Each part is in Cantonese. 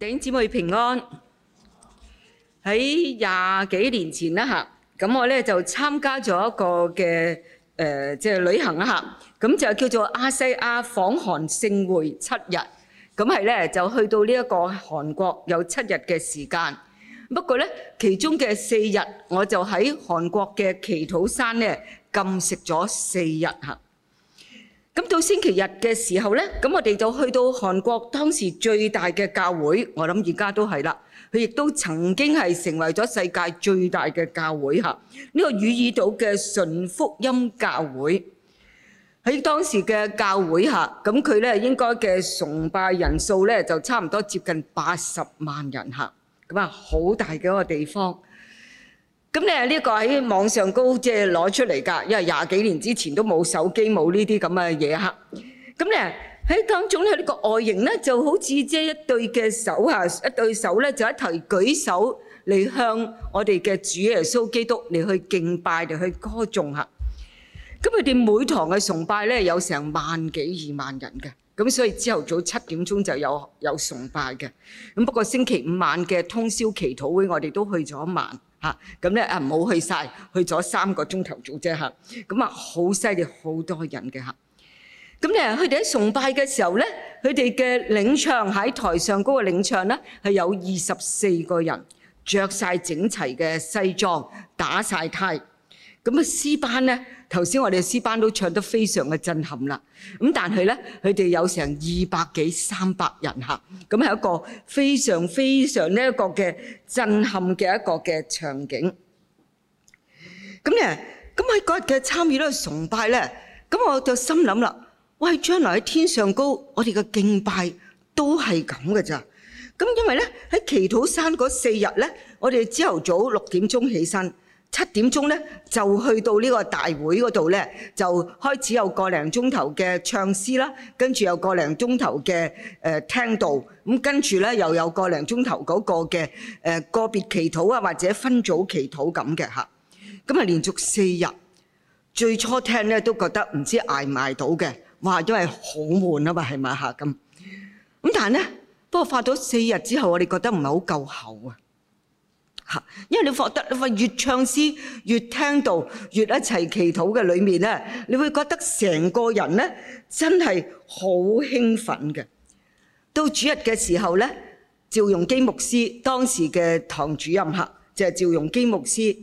頂姊妹平安，喺廿幾年前啦嚇，咁我咧就參加咗一個嘅誒，即係旅行啊嚇，咁就叫做亞細亞訪韓聖會七日，咁係咧就去到呢一個韓國有七日嘅時間，不過咧其中嘅四日我就喺韓國嘅祈禱山咧禁食咗四日嚇。咁到星期日嘅時候咧，咁我哋就去到韓國當時最大嘅教會，我諗而家都係啦，佢亦都曾經係成為咗世界最大嘅教會嚇。呢個汝矣島嘅純福音教會喺當時嘅教會下，咁佢咧應該嘅崇拜人數咧就差唔多接近八十萬人客，咁啊好大嘅一個地方。咁咧，呢個喺網上高即係攞出嚟㗎，因為廿幾年之前都冇手機冇呢啲咁嘅嘢嚇。咁咧喺當中咧，呢個外形咧就好似即係一對嘅手啊，一對手咧就一齊舉手嚟向我哋嘅主耶穌基督嚟去敬拜，嚟去歌頌嚇。咁佢哋每堂嘅崇拜咧有成萬幾二萬人嘅，咁所以朝頭早七點鐘就有有崇拜嘅。咁不過星期五晚嘅通宵祈禱會，我哋都去咗一晚。嚇，咁咧啊冇去曬，去咗三個鐘頭組啫嚇，咁啊好犀利，好多人嘅嚇。咁咧，佢哋喺崇拜嘅時候咧，佢哋嘅領唱喺台上嗰個領唱咧，係有二十四個人，著曬整齊嘅西裝，打曬呔。咁啊，詩班咧，頭先我哋詩班都唱得非常嘅震撼啦。咁但係咧，佢哋有成二百幾三百人吓，咁係一個非常非常呢一個嘅震撼嘅一個嘅場景。咁咧，咁喺嗰日嘅參與咧崇拜咧，咁我就心諗啦，喂，將來喺天上高，我哋嘅敬拜都係咁嘅咋？咁因為咧喺祈禱山嗰四日咧，我哋朝頭早六點鐘起身。七點鐘咧就去到呢個大會嗰度咧，就開始有個零鐘頭嘅唱詩啦，跟住有個零鐘頭嘅誒聽道，咁跟住咧又有個零鐘頭嗰個嘅誒個別祈禱啊，或者分組祈禱咁嘅嚇。咁啊連續四日，最初聽咧都覺得唔知捱唔捱到嘅，哇！都係好悶啊嘛，係咪嚇咁？咁但係咧，不過發咗四日之後，我哋覺得唔係好夠喉啊。因為你覺得喂越唱詩越聽道越一齊祈禱嘅裏面咧，你會覺得成個人咧真係好興奮嘅。到主日嘅時候咧，趙容基牧師當時嘅堂主任就係趙容基牧師，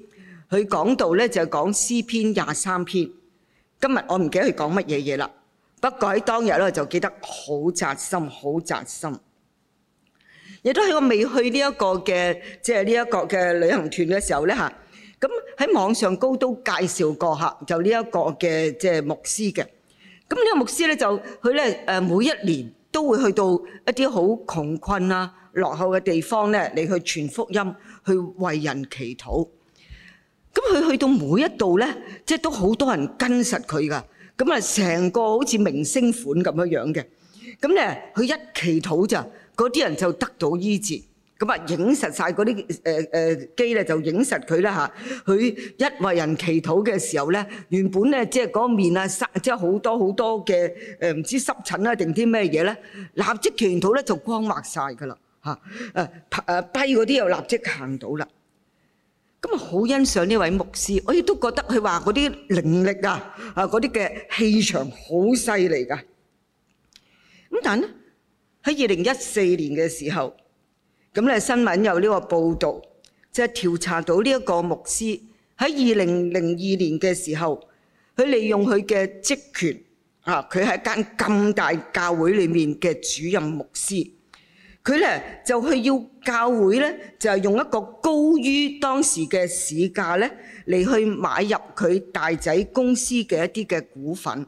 佢講道咧就係講詩篇廿三篇。今日我唔記得佢講乜嘢嘢啦，不過喺當日咧我就記得好扎心，好扎心。亦都喺我未去呢一個嘅，即係呢一個嘅旅行團嘅時候咧嚇。咁喺網上高都介紹過嚇，就呢一個嘅即係牧師嘅。咁呢個牧師咧就佢咧誒每一年都會去到一啲好窮困啊落後嘅地方咧嚟去傳福音，去為人祈禱。咁佢去到每一度咧，即係都好多人跟實佢㗎。咁啊，成個好似明星款咁樣樣嘅。咁咧，佢一祈禱就～嗰啲人就得到醫治，咁啊影實晒嗰啲誒誒機咧，就影實佢啦嚇。佢一為人祈禱嘅時候咧，原本咧即係嗰個面啊，即係好多好多嘅誒唔知濕疹啊定啲咩嘢咧，立即祈禱咧就光滑晒噶啦嚇，誒誒跛嗰啲又立即行到啦。咁啊好欣賞呢位牧師，我亦都覺得佢話嗰啲靈力啊啊嗰啲嘅氣場好犀利噶。咁但係咧？喺二零一四年嘅時候，咁咧新聞有呢個報導，即係調查到呢一個牧師喺二零零二年嘅時候，佢利用佢嘅職權，啊，佢係間咁大教會裏面嘅主任牧師，佢咧就去要教會咧，就係用一個高於當時嘅市價咧嚟去買入佢大仔公司嘅一啲嘅股份。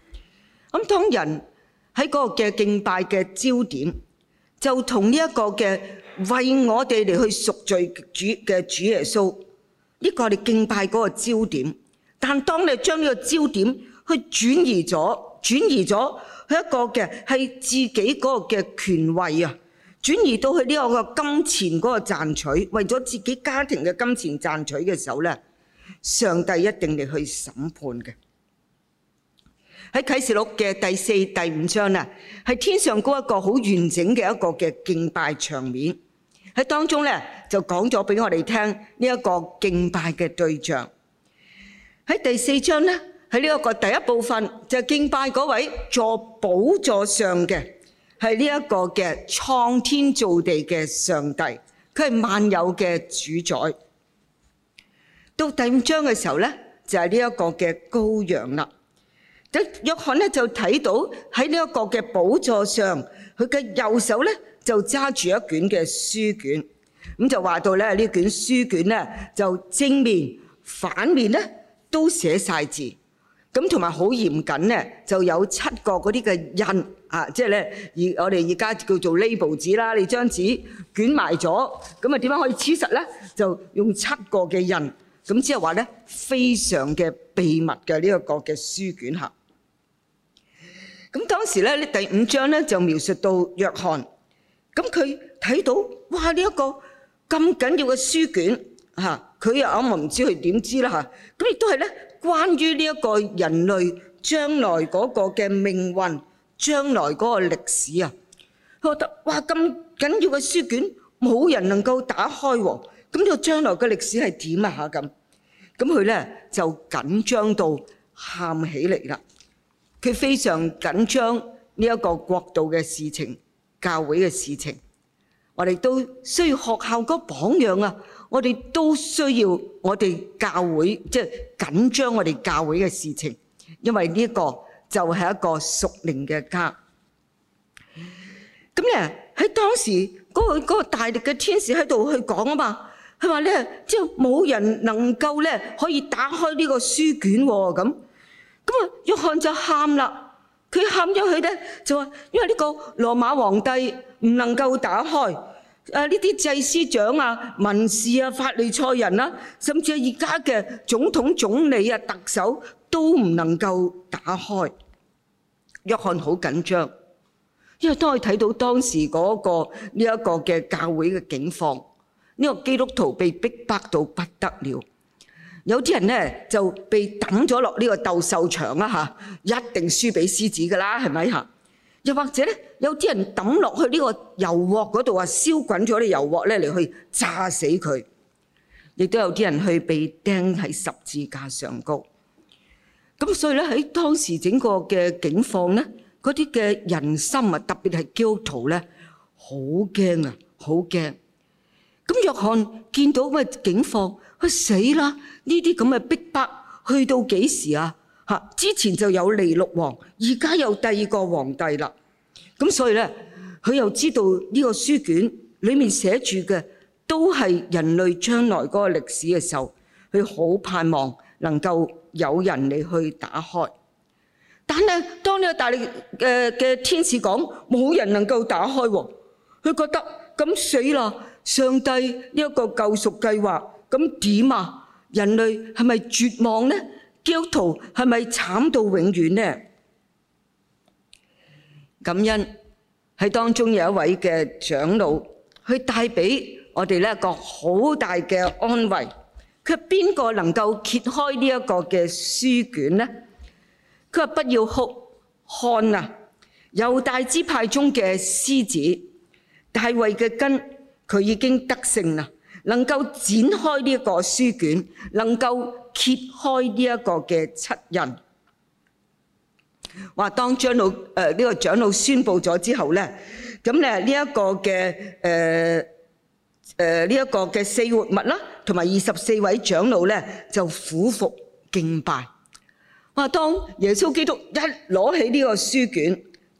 咁當人喺嗰個嘅敬拜嘅焦點，就同呢一個嘅為我哋嚟去贖罪主嘅主耶穌，呢個我哋敬拜嗰個焦點。但當你將呢個焦點去轉移咗，轉移咗去一個嘅係自己嗰個嘅權位啊，轉移到去呢個個金錢嗰個賺取，為咗自己家庭嘅金錢賺取嘅時候咧，上帝一定嚟去審判嘅。喺啟示錄嘅第四、第五章啊，係天上高一個好完整嘅一個嘅敬拜場面。喺當中咧就講咗俾我哋聽呢一個敬拜嘅對象。喺第四章咧，喺呢一個第一部分就敬拜嗰位坐寶座上嘅係呢一個嘅創天造地嘅上帝，佢係萬有嘅主宰。到第五章嘅時候咧，就係呢一個嘅羔羊啦。咁約翰咧就睇到喺呢一個嘅寶座上，佢嘅右手咧就揸住一卷嘅書卷，咁就話到咧呢卷書卷咧就正面、反面咧都寫晒字，咁同埋好嚴謹咧就有七個嗰啲嘅印啊，即係咧而我哋而家叫做 label 紙啦，你張紙捲埋咗，咁啊點樣可以黐實咧？就用七個嘅印，咁即係話咧非常嘅秘密嘅呢一個嘅書卷吓。咁當時咧，呢第五章咧就描述到約翰，咁佢睇到哇呢一個咁緊要嘅書卷嚇，佢又啱我唔知佢點知啦嚇。咁亦都係咧關於呢一個人類將來嗰個嘅命運，將來嗰個歷史啊，佢覺得哇咁緊要嘅書卷冇人能夠打開喎，咁呢個將來嘅歷史係點啊嚇咁？咁佢咧就緊張到喊起嚟啦。佢非常緊張呢一個國度嘅事情、教會嘅事情，我哋都需要學效個榜樣啊！我哋都需要我哋教會，即係緊張我哋教會嘅事情，因為呢一個就係一個屬靈嘅家。咁咧喺當時嗰個嗰個大力嘅天使喺度去講啊嘛，佢話咧即係冇人能夠咧可以打開呢個書卷喎咁。咁啊！約翰就喊啦，佢喊咗佢咧，就話，因為呢個羅馬皇帝唔能夠打開，誒呢啲祭司長啊、文士啊、法利賽人啦，甚至係而家嘅總統、總理啊、特首都唔能夠打開。約翰好緊張，因為當佢睇到當時嗰個呢一個嘅教會嘅境況，呢個基督徒被逼迫到不得了。有啲人咧就被抌咗落呢個鬥獸場啊嚇，一定輸俾獅子噶啦，係咪嚇？又或者咧，有啲人抌落去呢個油鑊嗰度啊，燒滾咗啲油鑊咧嚟去炸死佢。亦都有啲人去被釘喺十字架上高。咁所以咧喺當時整個嘅景況咧，嗰啲嘅人心啊，特別係基督徒咧，好驚啊，好驚。咁約翰見到咁嘅景況。佢死啦！呢啲咁嘅逼迫，迫去到幾時啊？之前就有尼六王，而家有第二個皇帝啦。咁所以咧，佢又知道呢個書卷裏面寫住嘅都係人類將來嗰個歷史嘅時候，佢好盼望能夠有人嚟去打開。但係當呢個大力嘅嘅天使講冇人能夠打開，佢覺得咁死啦！上帝呢一個救贖計劃。咁點啊？人類係咪絕望咧？基督徒係咪慘到永遠咧？感恩喺當中有一位嘅長老，佢帶俾我哋一個好大嘅安慰。佢係邊個能夠揭開呢一個嘅書卷咧？佢話：不要哭，看啊！猶大支派中嘅獅子，大衛嘅根，佢已經得勝啦！能夠展開呢一個書卷，能夠揭開呢一個嘅七印。話當長老誒呢、呃這個長老宣佈咗之後咧，咁咧呢一個嘅誒誒呢一個嘅四活物啦，同埋二十四位長老咧就俯伏敬拜。話當耶穌基督一攞起呢個書卷。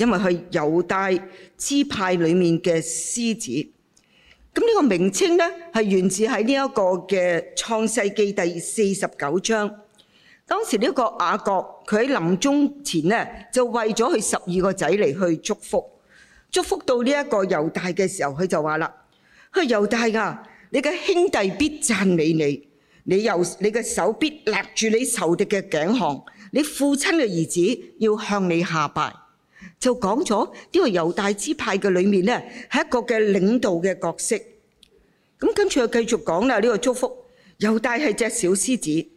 因為佢猶大支派裏面嘅獅子，咁呢個名稱呢，係源自喺呢一個嘅創世記第四十九章。當時呢一個雅各，佢喺臨終前呢，就為咗佢十二個仔嚟去祝福，祝福到呢一個猶大嘅時候，佢就話啦：佢猶大啊，你嘅兄弟必讚美你，你又你嘅手必勒住你仇敵嘅頸項，你父親嘅兒子要向你下拜。就講咗呢個猶大支派嘅裏面咧，係一個嘅領導嘅角色。咁跟住我繼續講啦，呢個祝福猶大係隻小獅子。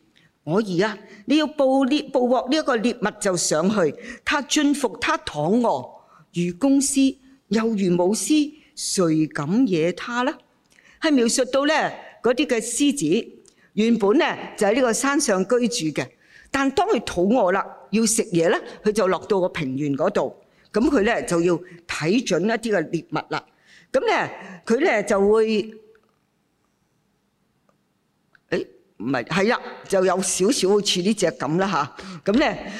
我兒啊，你要捕獵捕獲呢一個獵物就上去，他尊服他躺臥如公獅，又如母獅，誰敢惹他咧？係描述到咧嗰啲嘅獅子原本咧就喺呢個山上居住嘅，但當佢肚餓啦要食嘢咧，佢就落到個平原嗰度。咁佢咧就要睇準一啲嘅獵物啦。咁咧佢咧就會，誒唔係係啦，就有少少好似呢隻咁啦吓，咁咧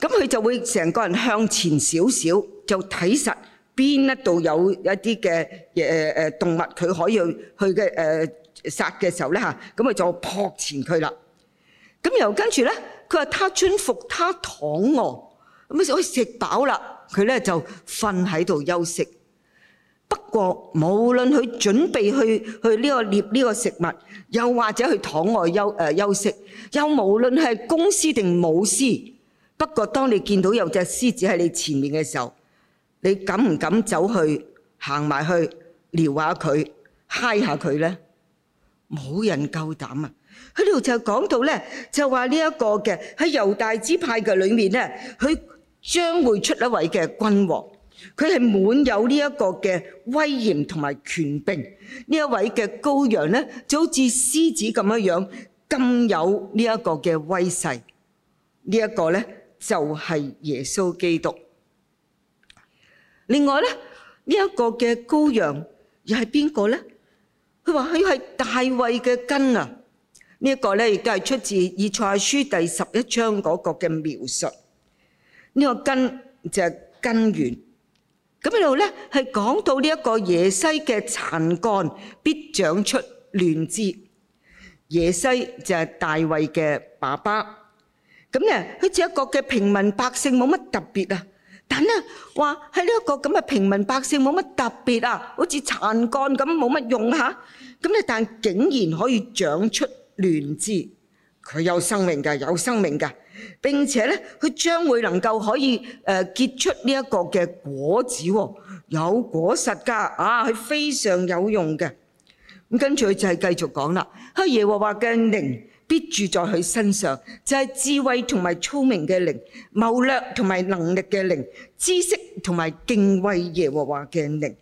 咁佢就會成個人向前少少，就睇實邊一度有一啲嘅誒誒動物，佢可以去嘅誒殺嘅時候咧吓，咁佢就撲前佢啦。咁又跟住咧，佢話他穿服他躺臥，咁就可以食飽啦。佢咧就瞓喺度休息。不過無論佢準備去去呢個獵呢個食物，又或者去躺外休誒休息，又無論係公獅定母獅。不過當你見到有隻獅子喺你前面嘅時候，你敢唔敢走去行埋去撩下佢，high 下佢咧？冇人夠膽啊！佢呢度就講到咧，就話呢一個嘅喺猶大支派嘅裏面咧，佢。將會出一位嘅君王，佢係滿有呢一個嘅威嚴同埋權柄。呢一位嘅羔羊咧，就好似獅子咁樣樣，更有呢一個嘅威勢。呢一個咧就係耶穌基督。另外咧，呢一個嘅羔羊又係邊個咧？佢話佢係大衛嘅根啊！呢一個咧亦都係出自以賽書第十一章嗰個嘅描述。呢個根就係根源，咁呢度咧係講到呢一個耶西嘅殘幹必長出嫩枝。耶西就係大衛嘅爸爸，咁咧好似一個嘅平民百姓冇乜特別啊，但咧話係呢一個咁嘅平民百姓冇乜特別啊，好似殘幹咁冇乜用嚇，咁咧但竟然可以長出嫩枝，佢有生命㗎，有生命㗎。並且咧，佢將會能夠可以誒、呃、結出呢一個嘅果子，哦，有果實噶啊，佢非常有用嘅。咁跟住佢就係繼續講啦，佢耶和華嘅靈必住在佢身上，就係、是、智慧同埋聰明嘅靈，謀略同埋能力嘅靈，知識同埋敬畏耶和華嘅靈。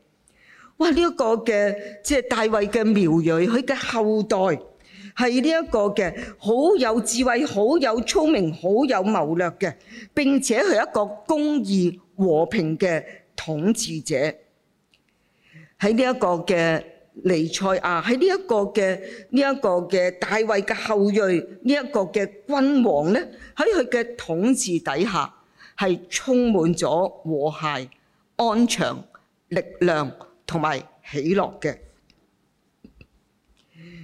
哇！呢、這、一個嘅即係大衛嘅苗裔，佢嘅後代。係呢一個嘅好有智慧、好有聰明、好有謀略嘅，並且係一個公義和平嘅統治者。喺呢一個嘅彌賽亞，喺呢一個嘅呢一個嘅大衛嘅後裔呢一個嘅君王咧，喺佢嘅統治底下係充滿咗和諧、安詳、力量同埋喜樂嘅。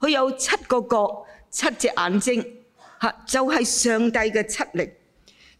佢有七個角、七隻眼睛，嚇就係上帝嘅七靈。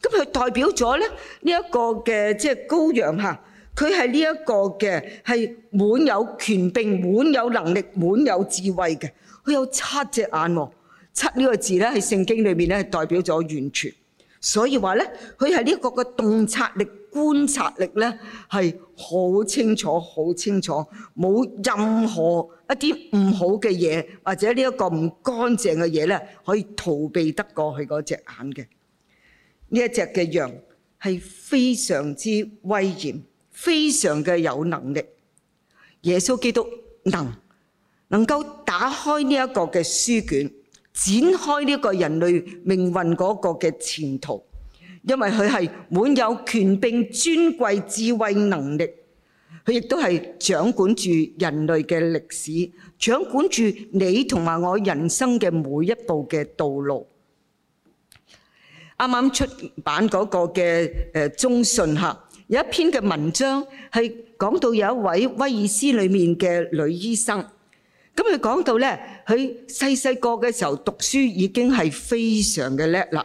咁佢代表咗咧呢一個嘅即係羔羊嚇，佢係呢一個嘅係滿有權柄、滿有能力、滿有智慧嘅。佢有七隻眼喎，七呢個字咧喺聖經裏面咧係代表咗完全。所以話咧，佢係呢一個嘅洞察力。觀察力咧係好清楚、好清楚，冇任何一啲唔好嘅嘢，或者呢一個唔乾淨嘅嘢咧，可以逃避得過去嗰隻眼嘅。呢一隻嘅羊係非常之威嚴，非常嘅有能力。耶穌基督能能夠打開呢一個嘅書卷，展開呢個人類命運嗰個嘅前途。因為佢係滿有權柄、尊貴、智慧、能力，佢亦都係掌管住人類嘅歷史，掌管住你同埋我人生嘅每一步嘅道路。啱啱出版嗰個嘅誒中信吓，有一篇嘅文章係講到有一位威爾斯裏面嘅女醫生，咁佢講到咧，佢細細個嘅時候讀書已經係非常嘅叻啦。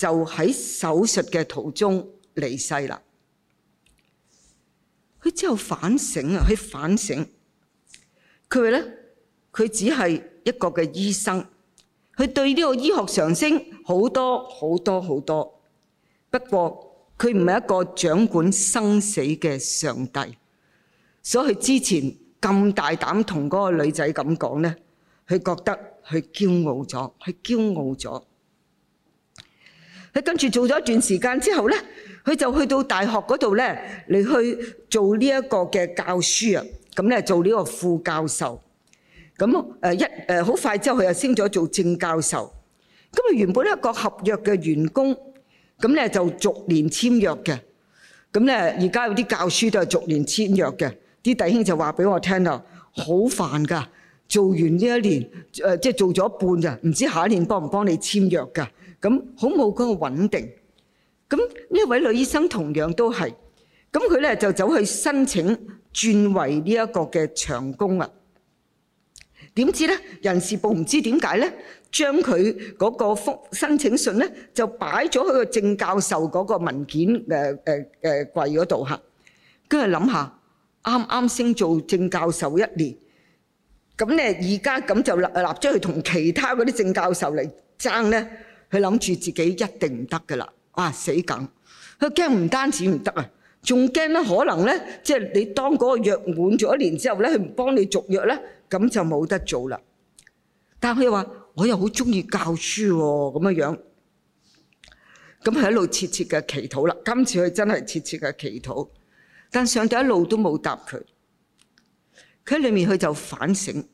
就喺手術嘅途中離世啦。佢之後反省啊，佢反省，佢話咧：佢只係一個嘅醫生，佢對呢個醫學上升好多好多好多。不過佢唔係一個掌管生死嘅上帝，所以佢之前咁大膽同嗰個女仔咁講咧，佢覺得佢驕傲咗，佢驕傲咗。佢跟住做咗一段時間之後咧，佢就去到大學嗰度咧嚟去做呢一個嘅教書啊，咁咧做呢個副教授。咁誒一誒好快之後，佢又升咗做正教授。咁啊原本一個合約嘅員工，咁咧就逐年簽約嘅。咁咧而家有啲教書都係逐年簽約嘅。啲弟兄就話俾我聽啊，好煩噶，做完呢一年誒即係做咗半咋，唔知下一年幫唔幫你簽約噶？咁好冇嗰個穩定。咁呢一位女醫生同樣都係，咁佢咧就走去申請轉為呢一個嘅長工啦。點知咧人事部唔知點解咧，將佢嗰個福申請信咧就擺咗喺個正教授嗰個文件誒誒誒櫃嗰度嚇。跟住諗下，啱啱升做正教授一年，咁咧而家咁就立立即去同其他嗰啲正教授嚟爭咧。佢諗住自己一定唔得噶啦，啊死梗！佢驚唔單止唔得啊，仲驚咧可能咧，即係你當嗰個約滿咗一年之後咧，佢唔幫你續約咧，咁就冇得做啦。但佢又話：我又好中意教書喎，哦，咁樣樣。咁佢一路切切嘅祈禱啦，今次佢真係切切嘅祈禱。但上帝一路都冇答佢。佢喺裏面佢就反省，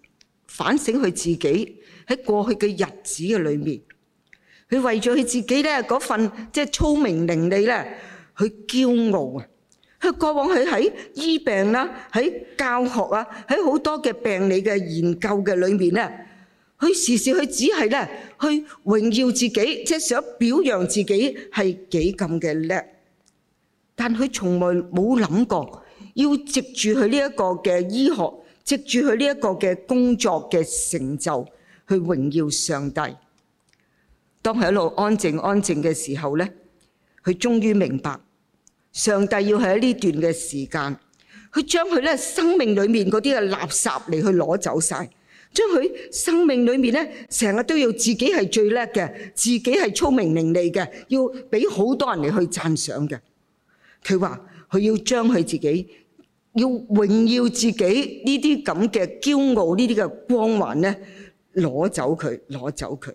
反省佢自己喺過去嘅日子嘅裡面。佢為咗佢自己咧嗰份即係聰明伶俐咧，佢驕傲啊！佢過往佢喺醫病啦，喺教學啊，喺好多嘅病理嘅研究嘅裏面咧，佢時時佢只係咧去榮耀自己，即係想表揚自己係幾咁嘅叻。但佢從來冇諗過要藉住佢呢一個嘅醫學，藉住佢呢一個嘅工作嘅成就去榮耀上帝。當佢一路安靜安靜嘅時候咧，佢終於明白上帝要喺呢段嘅時間，佢將佢咧生命裏面嗰啲嘅垃圾嚟去攞走晒，將佢生命裏面咧成日都要自己係最叻嘅，自己係聰明伶俐嘅，要俾好多人嚟去讚賞嘅。佢話佢要將佢自己要榮耀自己呢啲咁嘅驕傲呢啲嘅光環咧攞走佢，攞走佢。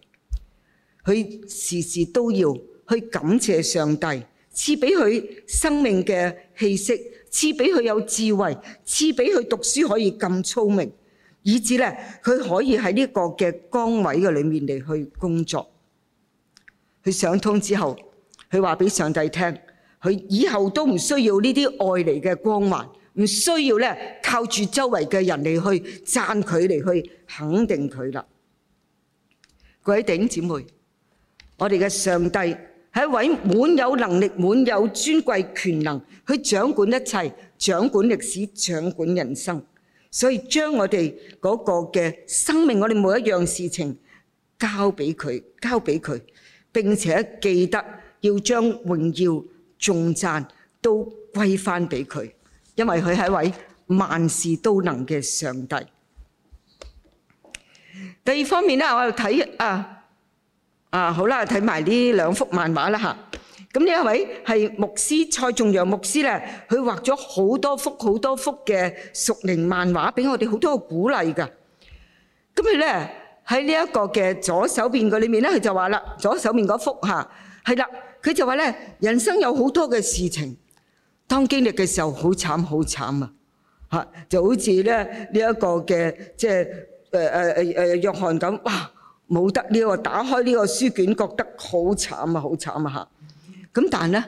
佢時時都要去感謝上帝，賜俾佢生命嘅氣息，賜俾佢有智慧，賜俾佢讀書可以咁聰明，以至咧佢可以喺呢個嘅崗位嘅裏面嚟去工作。佢想通之後，佢話俾上帝聽，佢以後都唔需要呢啲外嚟嘅光環，唔需要咧靠住周圍嘅人嚟去讚佢，嚟去肯定佢啦。各位弟兄姐妹！我哋嘅上帝係一位滿有能力、滿有尊貴權能，去掌管一切，掌管歷史，掌管人生。所以將我哋嗰個嘅生命，我哋每一樣事情交俾佢，交俾佢。並且記得要將榮耀、頌讚都歸翻俾佢，因為佢係一位萬事都能嘅上帝。第二方面咧，我哋睇啊。啊，好啦，睇埋呢兩幅漫畫啦嚇。咁呢一位係牧師蔡仲洋蔡仲陽牧師咧，佢畫咗好多幅好多幅嘅熟齡漫畫，俾我哋好多鼓勵噶。咁佢咧，喺呢一個嘅左手邊嘅裏面咧，佢就話啦，左手面嗰幅嚇係啦，佢就話咧，人生有好多嘅事情，當經歷嘅時候好慘好慘啊嚇，就好似咧呢一個嘅即係誒誒誒誒約翰咁哇。冇得呢個打開呢個書卷，覺得好慘啊！好慘啊！吓咁，但係咧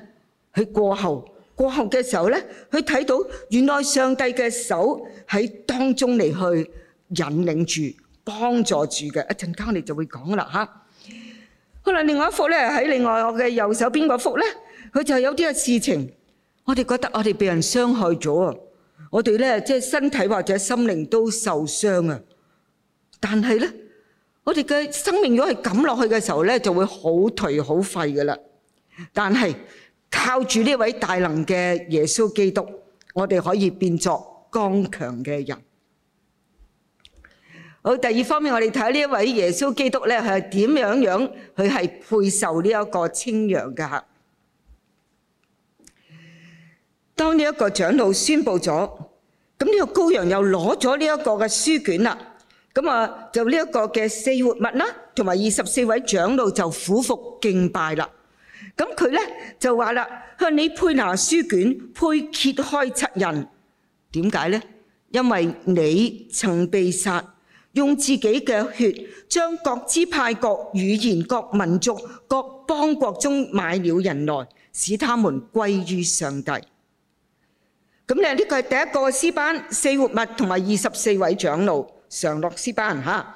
佢過後過後嘅時候咧，佢睇到原來上帝嘅手喺當中嚟去引領住、幫助住嘅。一陣間我哋就會講啦吓。好啦，另外一幅咧喺另外我嘅右手邊嗰幅咧，佢就係有啲嘅事情，我哋覺得我哋被人傷害咗啊！我哋咧即係身體或者心靈都受傷啊！但係咧。我哋嘅生命如果係咁落去嘅時候咧，就會好頹好廢噶啦。但係靠住呢位大能嘅耶穌基督，我哋可以變作剛強嘅人。好，第二方面我哋睇下呢一位耶穌基督咧係點樣樣，佢係配受呢一個稱揚嘅。當呢一個長老宣佈咗，咁呢個羔羊又攞咗呢一個嘅書卷啦。咁啊，就呢一個嘅四活物啦，同埋二十四位長老就俯伏敬拜啦。咁佢咧就話啦：向你配拿書卷，配揭開七印。點解咧？因為你曾被殺，用自己嘅血，將各支派、各語言、各民族、各邦國中買了人來，使他們歸於上帝。咁咧，呢個係第一個詩班，四活物同埋二十四位長老。常樂詩班嚇，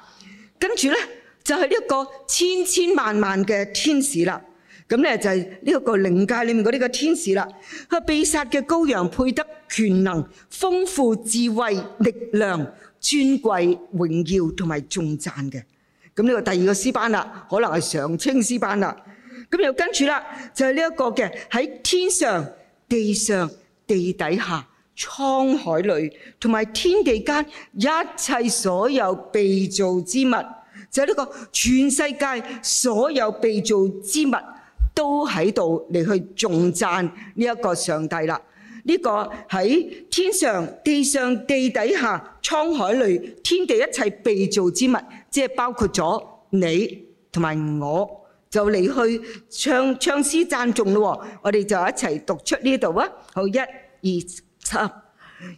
跟住咧就係呢一個千千萬萬嘅天使啦，咁咧就係呢一個靈界裏面嗰啲嘅天使啦。佢被殺嘅羔羊配得權能、豐富智慧、力量、尊貴、榮耀同埋頌讚嘅。咁呢個第二個詩班啦，可能係常青詩班啦。咁又跟住啦，就係呢一個嘅喺天上、地上、地底下，滄海裏，同埋天地間一切所有被造之物，就係呢個全世界所有被造之物都喺度嚟去頌讚呢一個上帝啦。呢個喺天上、地上、地底下、滄海裏、天地一切被造之物，即係包括咗你同埋我，就嚟去唱唱詩讚頌咯。我哋就一齊讀出呢度啊！好，一、二。但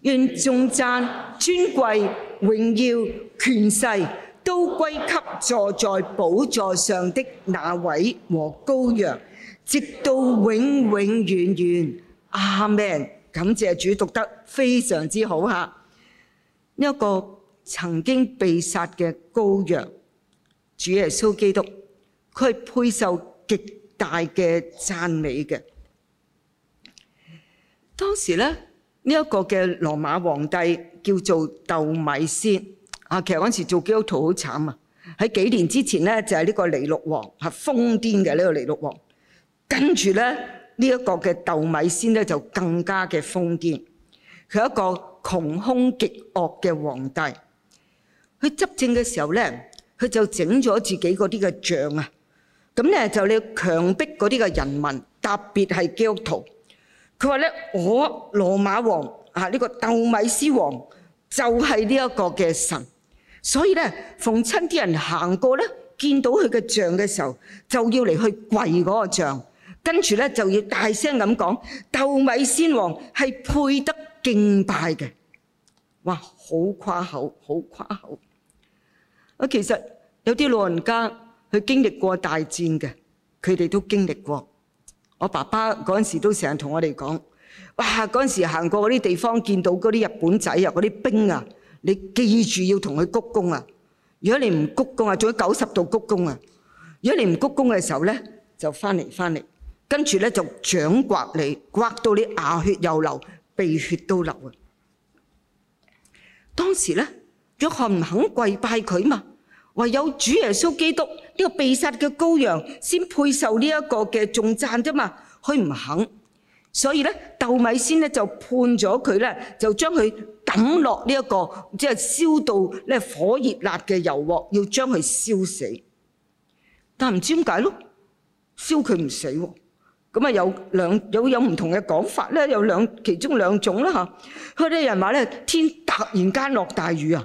願，眾讚尊貴、榮耀、權勢都歸給坐在寶座上的那位和羔羊，直到永永遠遠。阿門！感謝主，讀得非常之好哈。呢一個曾經被殺嘅羔羊，主耶穌基督，佢係配受極大嘅讚美嘅。當時呢。呢、這、一個嘅羅馬皇帝叫做鬥米仙啊，其實嗰陣時做基督徒好慘啊！喺幾年之前咧，就係呢個尼祿王係瘋癲嘅呢個尼祿王，跟住咧呢一、個嘅鬥米仙咧就更加嘅瘋癲，佢係一個窮凶極惡嘅皇帝，佢執政嘅時候咧，佢就整咗自己嗰啲嘅像啊，咁咧就你要強迫嗰啲嘅人民，特別係基督徒。佢話咧，我羅馬王啊，呢個鬥米斯王就係呢一個嘅神，所以咧，逢親啲人行過咧，見到佢嘅像嘅時候，就要嚟去跪嗰個像，跟住咧就要大聲咁講，鬥米斯王係配得敬拜嘅。哇，好誇口，好誇口！啊，其實有啲老人家佢經歷過大戰嘅，佢哋都經歷過。我爸爸嗰陣時都成日同我哋講，哇，嗰陣時行過嗰啲地方，見到嗰啲日本仔啊，嗰啲兵啊，你記住要同佢鞠躬啊！如果你唔鞠躬啊，仲要九十度鞠躬啊！如果你唔鞠躬嘅時候咧，就返嚟返嚟，跟住咧就掌摑你，摑到你牙血又流，鼻血都流啊！當時咧，約翰唔肯跪拜佢嘛。唯有主耶穌基督呢個被殺嘅羔羊先配受呢一個嘅頌讚啫嘛，佢唔肯，所以咧豆米先咧就判咗佢咧，就將佢抌落呢一個即係燒到咧火熱辣嘅油鑊，要將佢燒死。但唔知點解咯，燒佢唔死喎。咁啊有兩有有唔同嘅講法咧，有兩其中兩種啦吓。佢哋人話咧，天突然間落大雨啊！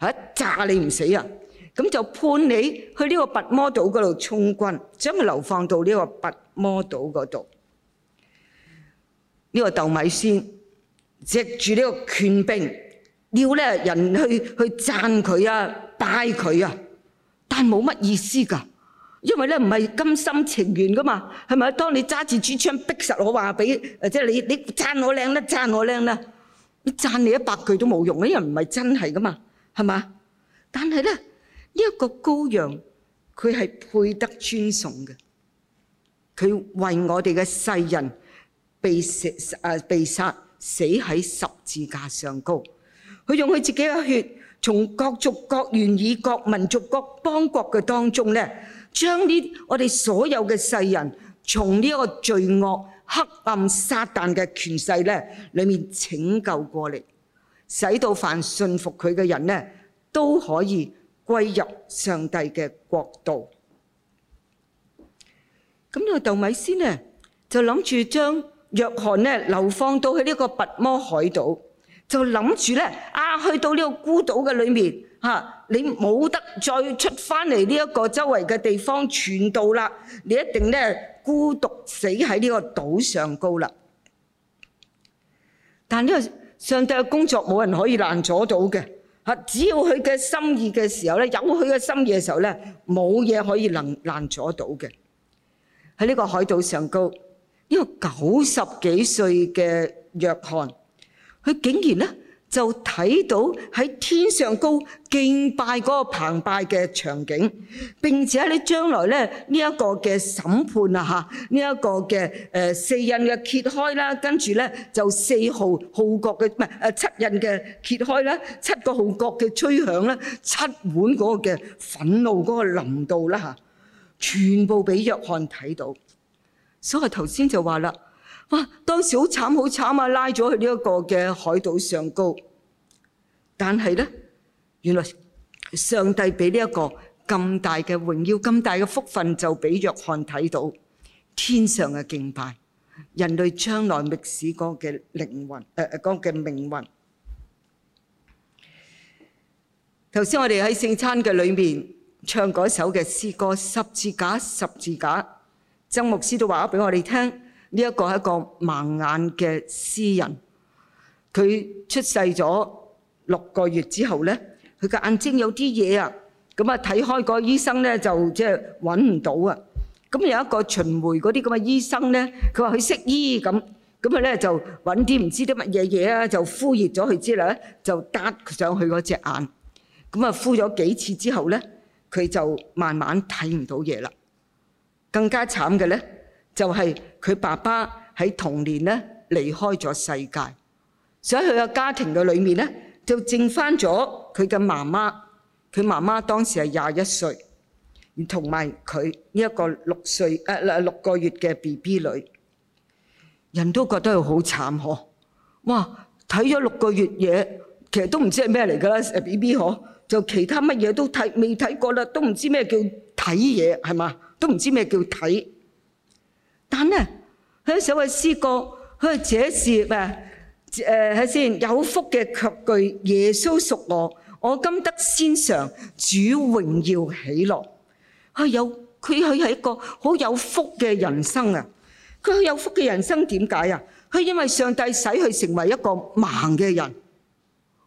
嚇，炸你唔死啊！咁就判你去呢個拔摩島嗰度充軍，將佢流放到呢個拔摩島嗰度。呢個豆米仙藉住呢個權柄，要咧人去去讚佢啊、拜佢啊，但係冇乜意思㗎，因為咧唔係甘心情願噶嘛，係咪？當你揸住支槍逼實我話俾，即係你你讚我靚啦，讚我靚啦，你讚你一百句都冇用，因為唔係真係噶嘛。係嘛？但係咧，呢一個羔羊佢係配得尊崇嘅，佢為我哋嘅世人被殺啊，被殺死喺十字架上高，佢用佢自己嘅血，從各族各願以各民族各邦國嘅當中咧，將呢我哋所有嘅世人從呢一個罪惡黑暗撒但嘅權勢咧裡面拯救過嚟。使到凡信服佢嘅人咧，都可以歸入上帝嘅國度。咁呢個杜米師咧，就諗住將約翰咧流放到去呢個拔摩海島，就諗住咧啊，去到呢個孤島嘅裏面吓、啊，你冇得再出翻嚟呢一個周圍嘅地方傳道啦，你一定咧孤獨死喺呢個島上高啦。但呢個。上帝嘅工作冇人可以難阻到嘅，嚇！只要佢嘅心意嘅時候咧，有佢嘅心意嘅時候咧，冇嘢可以能難阻到嘅。喺呢個海島上高，呢個九十幾歲嘅約翰，佢竟然咧～就睇到喺天上高敬拜嗰個澎湃嘅場景，並且你將來咧呢一個嘅審判啊吓，呢一個嘅誒四印嘅揭開啦，跟住咧就四號號角嘅唔係誒七印嘅揭開啦，七個號角嘅吹響啦，七碗嗰個嘅憤怒嗰個臨到啦吓，全部俾約翰睇到，所以頭先就話啦。哇！當時好慘好慘啊，拉咗去呢一個嘅海島上高。但係咧，原來上帝俾呢一個咁大嘅榮耀、咁大嘅福分，就俾約翰睇到天上嘅敬拜，人類將來歷史嗰嘅靈魂誒嘅、呃、嗰嘅命運。頭先我哋喺聖餐嘅裏面唱嗰首嘅詩歌《十字架，十字架》，曾牧師都話俾我哋聽。呢一個係一個盲眼嘅詩人，佢出世咗六個月之後咧，佢嘅眼睛有啲嘢啊，咁啊睇開個醫生咧就即係揾唔到啊。咁有一個巡迴嗰啲咁嘅醫生咧，佢話佢識醫咁，咁佢咧就揾啲唔知啲乜嘢嘢啊，就敷熱咗佢之後咧，就搭上去嗰隻眼，咁啊敷咗幾次之後咧，佢就慢慢睇唔到嘢啦。更加慘嘅咧～就係佢爸爸喺童年咧離開咗世界，所以佢嘅家庭嘅裏面咧就剩翻咗佢嘅媽媽。佢媽媽當時係廿一歲，同埋佢呢一個六歲誒、啊、六個月嘅 B B 女，人都覺得佢好慘呵！哇，睇咗六個月嘢，其實都唔知係咩嚟㗎啦，B B 嗬，就其他乜嘢都睇未睇過啦，都唔知咩叫睇嘢係嘛？都唔知咩叫睇。但咧，佢一首嘅詩歌，佢係寫是啊，誒睇先有福嘅確據，耶穌屬我，我今得先嘗主榮耀喜樂。係有佢，佢係一個好有福嘅人生啊！佢好有福嘅人生點解啊？佢因為上帝使佢成為一個盲嘅人。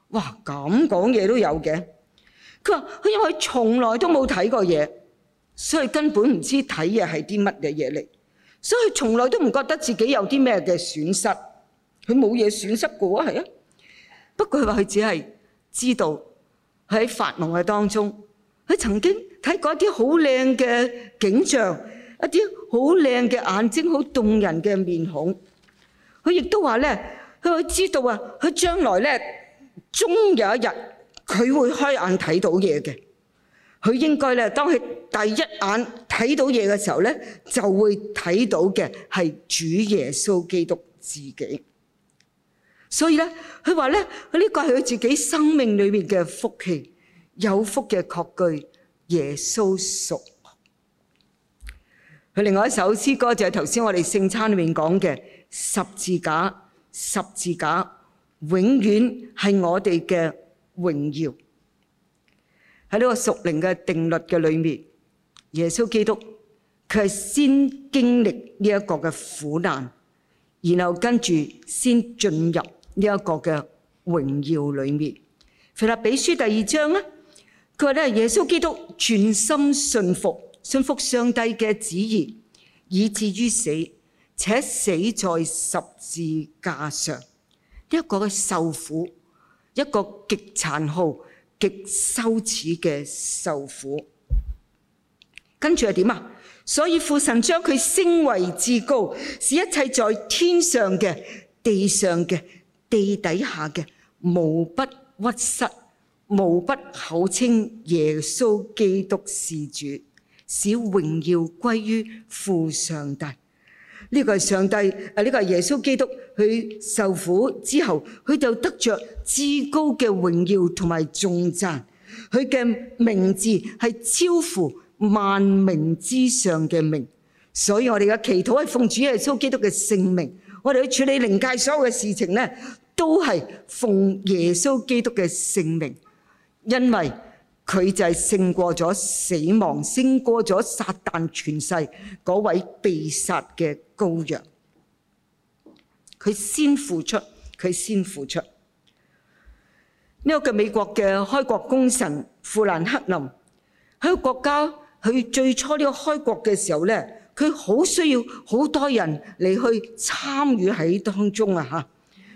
哇！咁講嘢都有嘅。佢話佢因為從來都冇睇過嘢，所以根本唔知睇嘢係啲乜嘅嘢嚟。所以佢從來都唔覺得自己有啲咩嘅損失，佢冇嘢損失過啊，係啊。不過佢話佢只係知道喺發夢嘅當中，佢曾經睇過一啲好靚嘅景象，一啲好靚嘅眼睛，好動人嘅面孔。佢亦都話咧，佢會知道啊，佢將來咧，終有一日佢會開眼睇到嘢嘅。佢應該咧，當佢第一眼。睇到嘢嘅時候咧，就會睇到嘅係主耶穌基督自己。所以咧，佢話咧，佢呢個係佢自己生命裏面嘅福氣，有福嘅確據，耶穌屬。佢另外一首詩歌就係頭先我哋聖餐裏面講嘅十字架，十字架永遠係我哋嘅榮耀。喺呢個屬靈嘅定律嘅裏面。耶穌基督佢係先經歷呢一個嘅苦難，然後跟住先進入呢一個嘅榮耀裏面。腓立比書第二章，佢話咧耶穌基督全心信服、信服上帝嘅旨意，以至於死，且死在十字架上。一個嘅受苦，一個極殘酷、極羞恥嘅受苦。跟住係點啊？所以父神將佢升為至高，使一切在天上嘅、地上嘅、地底下嘅，無不屈膝、無不口稱耶穌基督是主，使榮耀歸於父上帝。呢個係上帝，誒呢個係耶穌基督，佢受苦之後，佢就得着至高嘅榮耀同埋頌讚，佢嘅名字係超乎。萬名之上嘅名，所以我哋嘅祈禱係奉主耶穌基督嘅聖名，我哋去處理靈界所有嘅事情咧，都係奉耶穌基督嘅聖名，因為佢就係勝過咗死亡，勝過咗撒但，全世嗰位被殺嘅羔羊，佢先付出，佢先付出。呢個嘅美國嘅開國功臣富蘭克林喺個國家。佢最初呢個開國嘅時候呢，佢好需要好多人嚟去參與喺當中啊！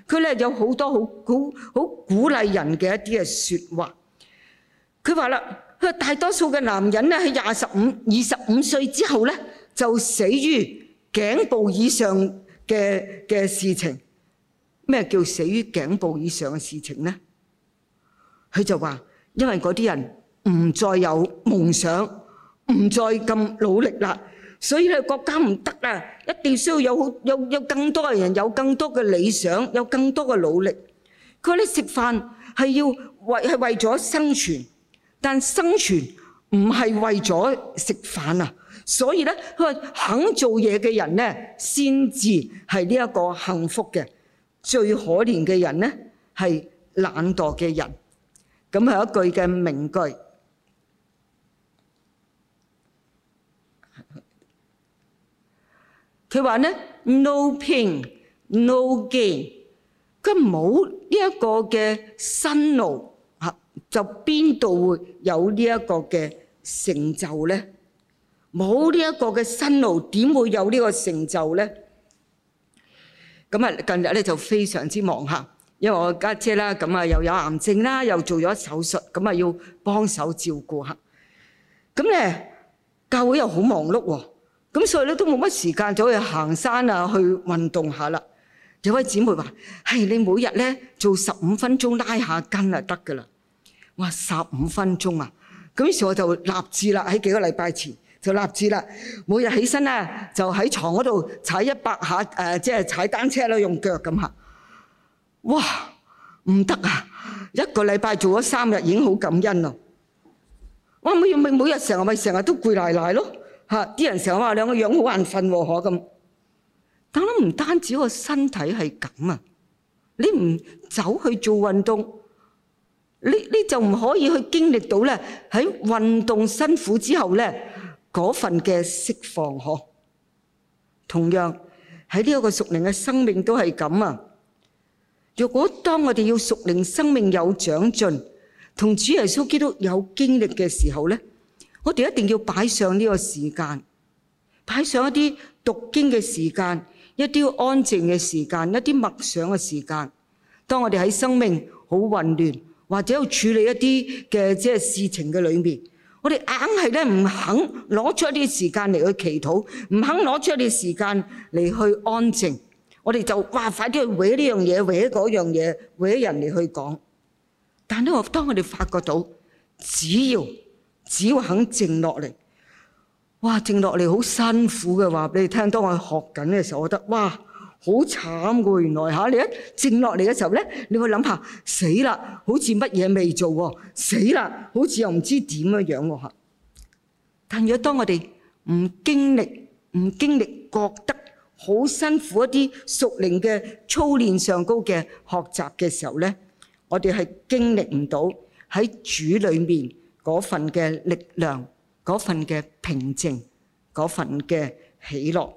嚇，佢呢有好多好好好鼓勵人嘅一啲嘅說話。佢話啦：，佢話大多數嘅男人呢，喺廿十五、二十五歲之後呢，就死於頸部以上嘅嘅事情。咩叫死於頸部以上嘅事情呢？佢就話：，因為嗰啲人唔再有夢想。唔再咁努力啦，所以咧國家唔得啦！一定需要有有有更多嘅人，有更多嘅理想，有更多嘅努力。佢話：你食飯係要為係為咗生存，但生存唔係為咗食飯啊！所以咧，佢話肯做嘢嘅人咧，先至係呢一個幸福嘅。最可憐嘅人咧，係懶惰嘅人。咁係一句嘅名句。佢話咧：no pain, no gain。咁冇呢一個嘅辛勞嚇，就邊度會有呢一個嘅成就咧？冇呢一個嘅辛勞，點會有呢個成就咧？咁啊，近日咧就非常之忙嚇，因為我家姐啦，咁啊又有癌症啦，又做咗手術，咁啊要幫手照顧嚇。咁咧，教會又好忙碌喎。咁所以咧都冇乜時間走去行山啊，去運動下啦。有位姊妹話，係你每日咧做十五分鐘拉下筋啊，得㗎啦。哇！十五分鐘啊！咁於是我就立志啦，喺幾個禮拜前就立志啦，每日起身咧就喺牀嗰度踩一百下，誒，即係踩單車啦，用腳咁嚇。哇！唔得啊！一個禮拜做咗三日已經好感恩咯。我每日每每日成日咪成日都攰賴賴咯。吓！啲人成日話兩個樣好眼瞓喎，嚇咁。但係唔單止個身體係咁啊！你唔走去做運動，你你就唔可以去經歷到咧喺運動辛苦之後咧嗰份嘅釋放呵。同樣喺呢一個屬靈嘅生命都係咁啊！如果當我哋要屬靈生命有長進，同主耶穌基督有經歷嘅時候咧。我哋一定要擺上呢個時間，擺上一啲讀經嘅時間，一啲安靜嘅時間，一啲默想嘅時間。當我哋喺生命好混亂或者要處理一啲嘅即係事情嘅裏面，我哋硬係咧唔肯攞出一啲時間嚟去祈禱，唔肯攞出一啲時間嚟去安靜，我哋就哇快啲去搵呢樣嘢，搵嗰樣嘢，搵人嚟去講。但呢，我當我哋發覺到，只要只要肯靜落嚟，哇！靜落嚟好辛苦嘅話俾你聽。當我學緊嘅時候，我覺得哇，好慘嘅。原來嚇你一靜落嚟嘅時候咧，你會諗下死啦，好似乜嘢未做喎，死啦，好似又唔知點嘅樣喎。但如果當我哋唔經歷、唔經歷，覺得好辛苦一啲熟練嘅操練上高嘅學習嘅時候咧，我哋係經歷唔到喺主裏面。嗰份嘅力量，嗰份嘅平靜，嗰份嘅喜樂。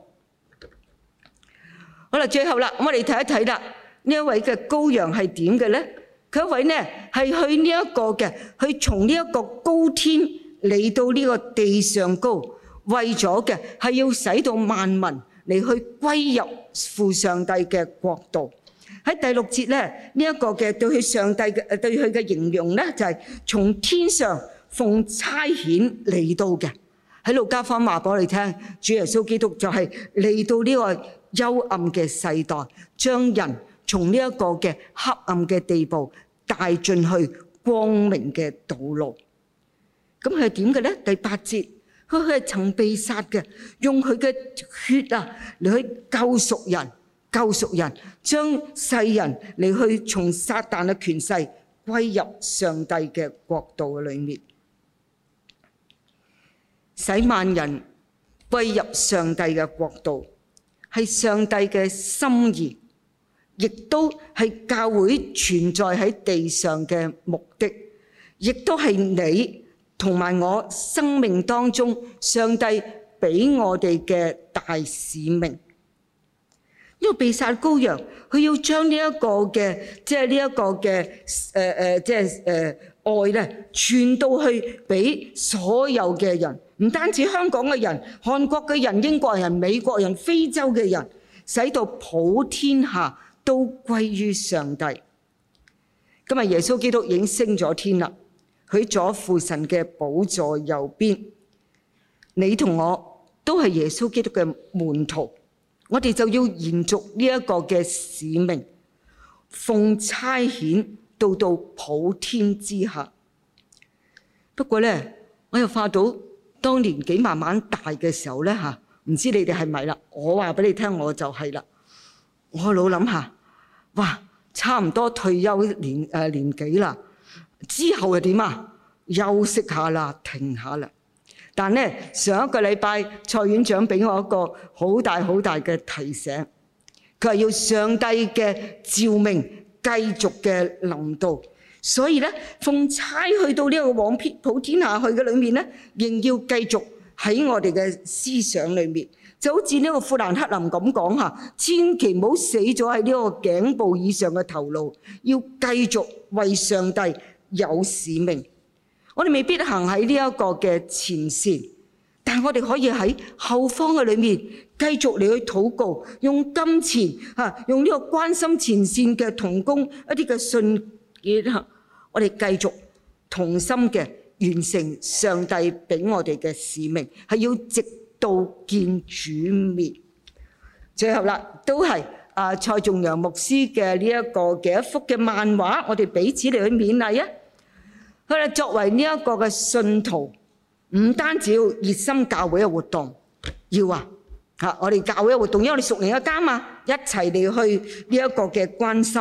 好啦，最後啦，我哋睇一睇啦，呢一位嘅羔羊係點嘅咧？佢一位咧係去呢一個嘅，去從呢一個高天嚟到呢個地上高，為咗嘅係要使到萬民嚟去歸入父上帝嘅國度。喺第六節咧，呢一個嘅對佢上帝嘅對佢嘅形容咧，就係從天上。奉差遣嚟到嘅，喺路加話俾我哋聽，主耶穌基督就係嚟到呢個幽暗嘅世代，將人從呢一個嘅黑暗嘅地步帶進去光明嘅道路。咁佢係點嘅咧？第八節，佢係曾被殺嘅，用佢嘅血啊嚟去救贖人，救贖人，將世人嚟去從撒但嘅權勢歸入上帝嘅國度嘅裏面。使萬人歸入上帝嘅國度，係上帝嘅心意，亦都係教會存在喺地上嘅目的，亦都係你同埋我生命當中上帝俾我哋嘅大使命。因為被殺羔羊，佢要將呢一個嘅，即係呢一個嘅，誒、呃、誒，即係誒。呃愛咧傳到去俾所有嘅人，唔單止香港嘅人、韓國嘅人、英國人、美國人、非洲嘅人，使到普天下都歸於上帝。今日耶穌基督已經升咗天了，佢咗父神嘅寶座右邊。你同我都係耶穌基督嘅門徒，我哋就要延續呢一個嘅使命，奉差遣。到到普天之下，不過咧，我又化到當年紀慢慢大嘅時候咧嚇，唔知你哋係咪啦？我話俾你聽，我就係啦。我老諗下，哇，差唔多退休年誒年紀啦，之後又點啊？休息一下啦，停一下啦。但咧，上一個禮拜蔡院長俾我一個好大好大嘅提醒，佢係要上帝嘅召命。繼續嘅臨到，所以咧，奉差去到呢個往普天下去嘅裏面咧，仍要繼續喺我哋嘅思想裏面，就好似呢個富蘭克林咁講嚇，千祈唔好死咗喺呢個頸部以上嘅頭腦，要繼續為上帝有使命。我哋未必行喺呢一個嘅前線，但係我哋可以喺後方嘅裏面。繼續嚟去禱告，用金錢嚇，用呢個關心前線嘅同工一啲嘅信件嚇，我哋繼續同心嘅完成上帝俾我哋嘅使命，係要直到見主面。最後啦，都係阿蔡仲陽牧師嘅呢一個嘅一幅嘅漫畫，我哋彼此嚟去勉勵啊！佢哋作為呢一個嘅信徒，唔單止要熱心教會嘅活動，要啊！嚇！我哋教會活動，因為我哋熟人一家嘛，一齊嚟去呢一個嘅關心。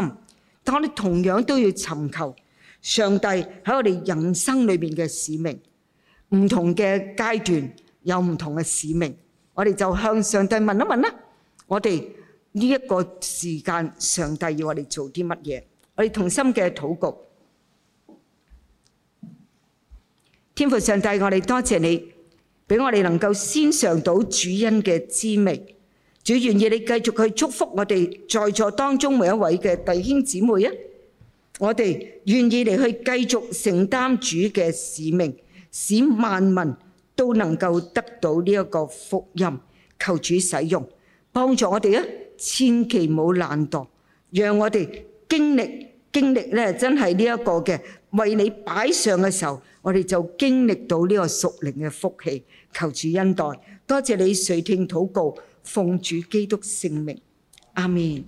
但係我哋同樣都要尋求上帝喺我哋人生裏邊嘅使命。唔同嘅階段有唔同嘅使命，我哋就向上帝問一問啦。我哋呢一個時間，上帝要我哋做啲乜嘢？我哋同心嘅禱告，天父上帝，我哋多謝你。俾我哋能夠先嘗到主恩嘅滋味，主願意你繼續去祝福我哋在座當中每一位嘅弟兄姊妹啊！我哋願意你去繼續承擔主嘅使命，使萬民都能夠得到呢一個福音，求主使用幫助我哋啊！千祈冇懶惰，讓我哋經歷經歷咧，真係呢一個嘅為你擺上嘅時候。我哋就經歷到呢個屬靈嘅福氣，求主恩待，多謝你垂聽禱告，奉主基督聖名，阿門。